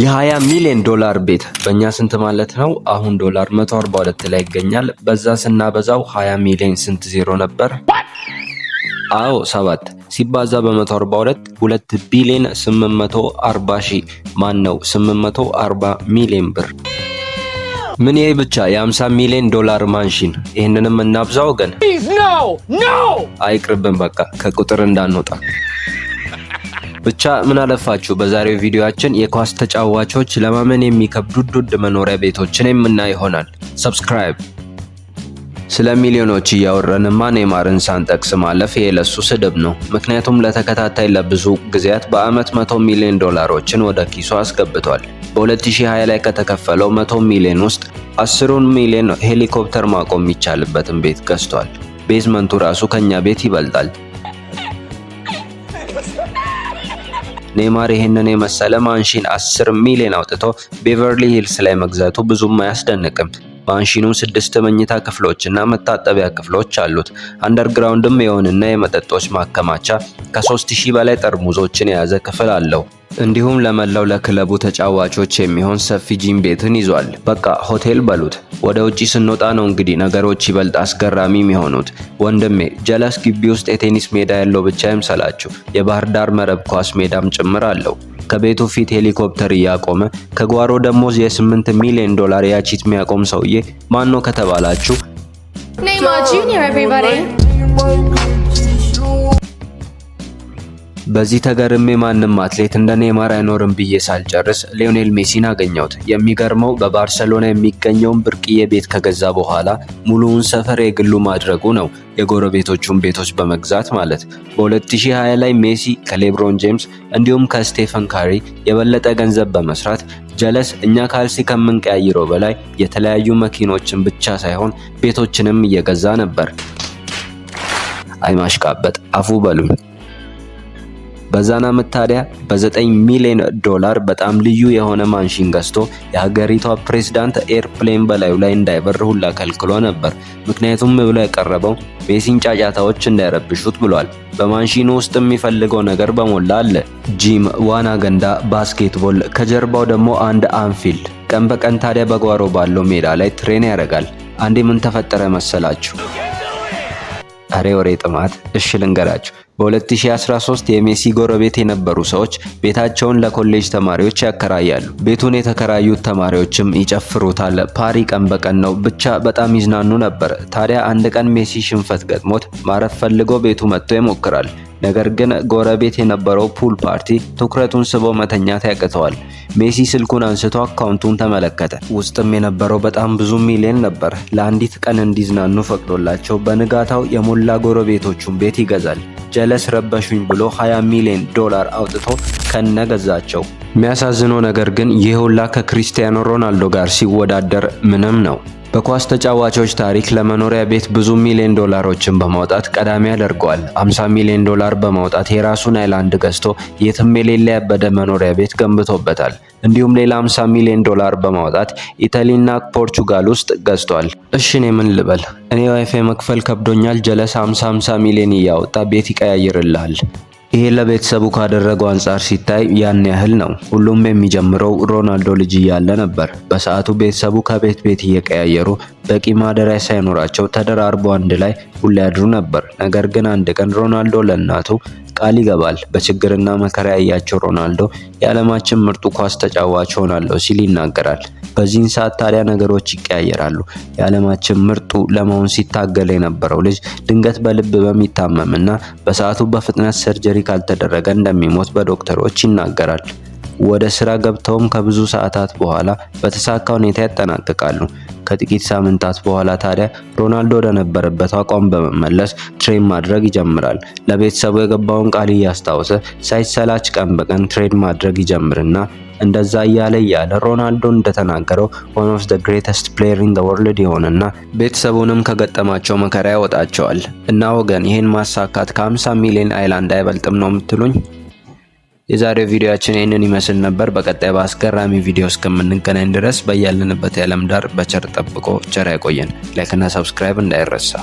የ20 ሚሊዮን ዶላር ቤት በእኛ ስንት ማለት ነው? አሁን ዶላር 142 ላይ ይገኛል። በዛ ስናበዛው 20 ሚሊዮን ስንት ዜሮ ነበር? አዎ 7 ሲባዛ በ142 2 ቢሊዮን 840 ሺህ ማን ነው 840 ሚሊዮን ብር። ምን ይሄ ብቻ የ50 ሚሊዮን ዶላር ማንሽን ይህንንም እናብዛው። ግን አይቅርብን፣ በቃ ከቁጥር እንዳንወጣ ብቻ ምን አለፋችሁ በዛሬው ቪዲዮአችን የኳስ ተጫዋቾች ለማመን የሚከብዱ ውድ መኖሪያ ቤቶችን የምና ይሆናል። ሰብስክራይብ ስለ ሚሊዮኖች እያወረንማ ኔማርን ሳንጠቅስ ማለፍ የለሱ ስድብ ነው። ምክንያቱም ለተከታታይ ለብዙ ጊዜያት በአመት 100 ሚሊዮን ዶላሮችን ወደ ኪሱ አስገብቷል። በ2020 ላይ ከተከፈለው 100 ሚሊዮን ውስጥ 10 ሚሊዮን ሄሊኮፕተር ማቆም የሚቻልበትን ቤት ገዝቷል። ቤዝመንቱ ራሱ ከኛ ቤት ይበልጣል። ኔይማር ይህንን የመሰለ ማንሺን 10 ሚሊዮን አውጥቶ ቤቨርሊ ሂልስ ላይ መግዛቱ ብዙም አያስደንቅም። ማንሽኑ ስድስት መኝታ ክፍሎችና መታጠቢያ ክፍሎች አሉት። አንደርግራውንድም የሆነና የመጠጦች ማከማቻ ከ3000 በላይ ጠርሙዞችን የያዘ ክፍል አለው። እንዲሁም ለመላው ለክለቡ ተጫዋቾች የሚሆን ሰፊ ጂም ቤትን ይዟል። በቃ ሆቴል በሉት። ወደ ውጪ ስንወጣ ነው እንግዲህ ነገሮች ይበልጥ አስገራሚ የሚሆኑት። ወንድሜ ጀለስ ግቢ ውስጥ የቴኒስ ሜዳ ያለው ብቻ ይምሰላችሁ፣ የባህር ዳር መረብ ኳስ ሜዳም ጭምር አለው። ከቤቱ ፊት ሄሊኮፕተር እያቆመ ከጓሮ ደግሞ የስምንት ሚሊዮን ዶላር ያቺት የሚያቆም ሰውዬ ማን ነው ከተባላችሁ በዚህ ተገርሜ ማንም አትሌት እንደ ኔይማር አይኖርም ብዬ ሳልጨርስ ሊዮኔል ሜሲን አገኘሁት። የሚገርመው በባርሰሎና የሚገኘውን ብርቅዬ ቤት ከገዛ በኋላ ሙሉውን ሰፈር የግሉ ማድረጉ ነው። የጎረቤቶቹን ቤቶች በመግዛት ማለት። በ2020 ላይ ሜሲ ከሌብሮን ጄምስ እንዲሁም ከስቴፈን ካሪ የበለጠ ገንዘብ በመስራት ጀለስ እኛ ካልሲ ከምንቀያይረው በላይ የተለያዩ መኪኖችን ብቻ ሳይሆን ቤቶችንም እየገዛ ነበር። አይማሽቃበጥ አፉ በሉኝ። በዛን ዓመት ታዲያ በ9 ሚሊዮን ዶላር በጣም ልዩ የሆነ ማንሽን ገዝቶ የሀገሪቷ ፕሬዝዳንት ኤርፕሌን በላዩ ላይ እንዳይበር ሁላ ከልክሎ ነበር። ምክንያቱም ብሎ የቀረበው ቤሲን ጫጫታዎች እንዳይረብሹት ብሏል። በማንሺኑ ውስጥ የሚፈልገው ነገር በሞላ አለ። ጂም፣ ዋና ገንዳ፣ ባስኬትቦል፣ ከጀርባው ደግሞ አንድ አንፊልድ። ቀን በቀን ታዲያ በጓሮ ባለው ሜዳ ላይ ትሬን ያደርጋል። አንዴ ምን ተፈጠረ መሰላችሁ? አሬ ወሬ ጥማት እሽ ልንገራችሁ በ2013 የሜሲ ጎረቤት የነበሩ ሰዎች ቤታቸውን ለኮሌጅ ተማሪዎች ያከራያሉ። ቤቱን የተከራዩት ተማሪዎችም ይጨፍሩታል። ፓሪ ቀን በቀን ነው፣ ብቻ በጣም ይዝናኑ ነበር። ታዲያ አንድ ቀን ሜሲ ሽንፈት ገጥሞት ማረፍ ፈልጎ ቤቱ መጥቶ ይሞክራል። ነገር ግን ጎረቤት የነበረው ፑል ፓርቲ ትኩረቱን ስቦ መተኛት ያቅተዋል። ሜሲ ስልኩን አንስቶ አካውንቱን ተመለከተ። ውስጥም የነበረው በጣም ብዙ ሚሊዮን ነበር። ለአንዲት ቀን እንዲዝናኑ ፈቅዶላቸው በንጋታው የሞላ ጎረቤቶቹን ቤት ይገዛል። ጀለስ ረበሹኝ ብሎ 20 ሚሊዮን ዶላር አውጥቶ ከነገዛቸው። የሚያሳዝነው ነገር ግን ይህ ሁላ ከክሪስቲያኖ ሮናልዶ ጋር ሲወዳደር ምንም ነው። በኳስ ተጫዋቾች ታሪክ ለመኖሪያ ቤት ብዙ ሚሊዮን ዶላሮችን በማውጣት ቀዳሚ ያደርገዋል። 50 ሚሊዮን ዶላር በማውጣት የራሱን አይላንድ ገዝቶ የትም የሌለ ያበደ መኖሪያ ቤት ገንብቶበታል። እንዲሁም ሌላ 50 ሚሊዮን ዶላር በማውጣት ኢታሊና ፖርቹጋል ውስጥ ገዝቷል። እሺ እኔ ምን ልበል? እኔ ዋይፋይ መክፈል ከብዶኛል። ጀለስ 50 50 ሚሊዮን እያወጣ ቤት ይቀያይርልሃል። ይሄ ለቤተሰቡ ካደረገው አንጻር ሲታይ ያን ያህል ነው። ሁሉም የሚጀምረው ሮናልዶ ልጅ እያለ ነበር። በሰዓቱ ቤተሰቡ ከቤት ቤት እየቀያየሩ በቂ ማደሪያ ሳይኖራቸው ተደራርቦ አንድ ላይ ሁሌ ያድሩ ነበር። ነገር ግን አንድ ቀን ሮናልዶ ለእናቱ ቃል ይገባል። በችግርና መከራ ያያቸው ሮናልዶ የዓለማችን ምርጡ ኳስ ተጫዋች ሆናለሁ ሲል ይናገራል። በዚህን ሰዓት ታዲያ ነገሮች ይቀያየራሉ። የዓለማችን ምርጡ ለመሆን ሲታገል የነበረው ልጅ ድንገት በልብ በሚታመምና በሰዓቱ በፍጥነት ሰርጀሪ ካልተደረገ እንደሚሞት በዶክተሮች ይናገራል። ወደ ስራ ገብተውም ከብዙ ሰዓታት በኋላ በተሳካ ሁኔታ ያጠናቅቃሉ። ከጥቂት ሳምንታት በኋላ ታዲያ ሮናልዶ ወደ ነበረበት አቋም በመመለስ ትሬን ማድረግ ይጀምራል። ለቤተሰቡ የገባውን ቃል እያስታወሰ ሳይሰላች ቀን በቀን ትሬን ማድረግ ይጀምርና እንደዛ እያለ እያለ ሮናልዶ እንደተናገረው one of the greatest የሆነና ቤተሰቡንም ከገጠማቸው መከራ ያወጣቸዋል። እና ወገን ይህን ማሳካት ከ50 ሚሊዮን አይላንድ አይበልጥም ነው የምትሉኝ? የዛሬው ቪዲዮአችን ይህንን ይመስል ነበር። በቀጣይ በአስገራሚ ቪዲዮ እስከምንገናኝ ድረስ በያለንበት የዓለም ዳር በቸር ጠብቆ ቸር ያቆየን። ላይክና ሰብስክራይብ እንዳይረሳ።